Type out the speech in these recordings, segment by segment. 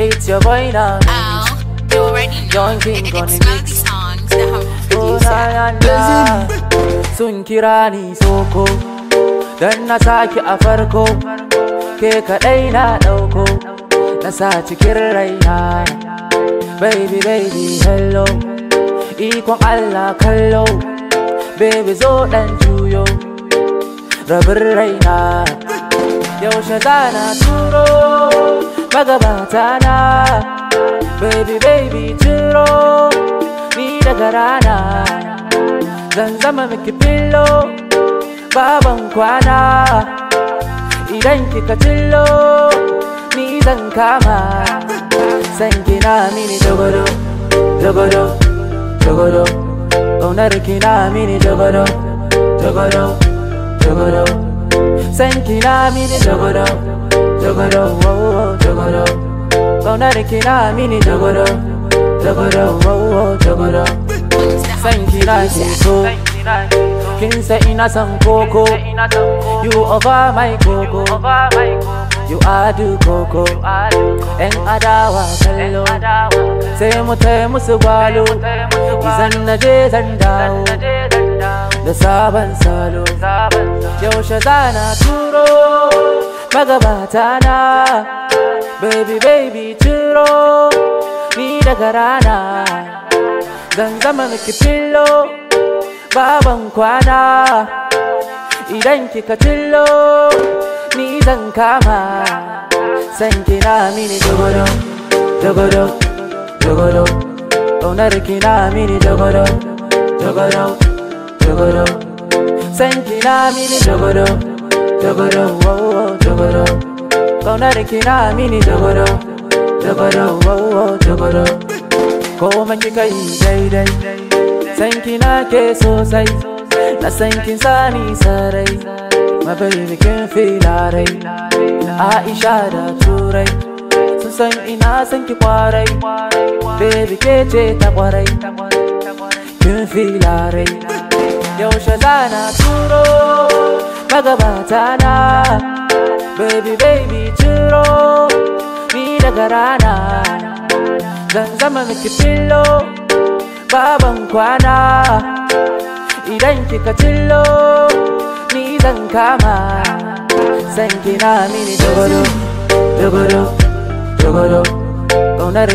It's your boy now. Ow, you already know. Young King on the mix. songs that have oh, produced. Sun kira ni soko Dan na saki a farko Ke kaɗai na ɗauko Na sa cikin raina Baby baby hello Ikon Allah kallo Baby zo ɗan juyo Rabin raina Yaushe za na turo magabata na baby baby turo ni daga rana zan zama miki filo baban kwana idan kika tillo ni zan kama san mini kina mini san kina mini jogoro oh oh jogoro kaona nikinaamini jogoro jogoro oh oh jogoro san kina shizo kin sai ina san koko you over my koko you are the koko yan adawa kallo sai mu tai musu gwalo izan na je zan dawo da sabon salo yaushe zana turo magabata na baby baby turo ni daga rana zan zama ki fillo baban kwana idan kika cillo ni zan kama san kina mini dogodo dogodo dogodo ƙaunar kina mini dogodo dogodo dogodo san kina mini dogodo dogodo wow, wow. Ƙaunar kina mini amini oh Dogoro, oh, wow, Komai ki kai daidai San na ke sosai Na san kin sani sarai Ma baby kin filarai Aisha da turai Sun san ina san ki kwarai Baby ke ce ta kwarai Kin filarai Yaushe za na turo magabata na baby baby ciro ni daga rana zan zama miki fillo baban kwana idan kika cillo ni zan kama san kina mini jogoro jogoro jogoro kaunar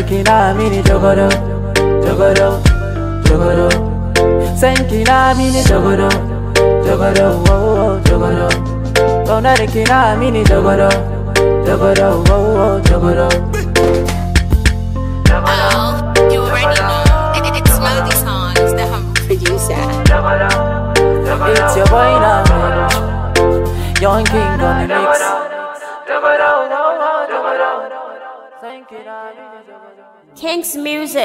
mini jogoro jogoro jogoro san kina mini jogoro jogoro jogoro Jogoro, Oh, you already know It's It's your boy now Young King on the mix King's music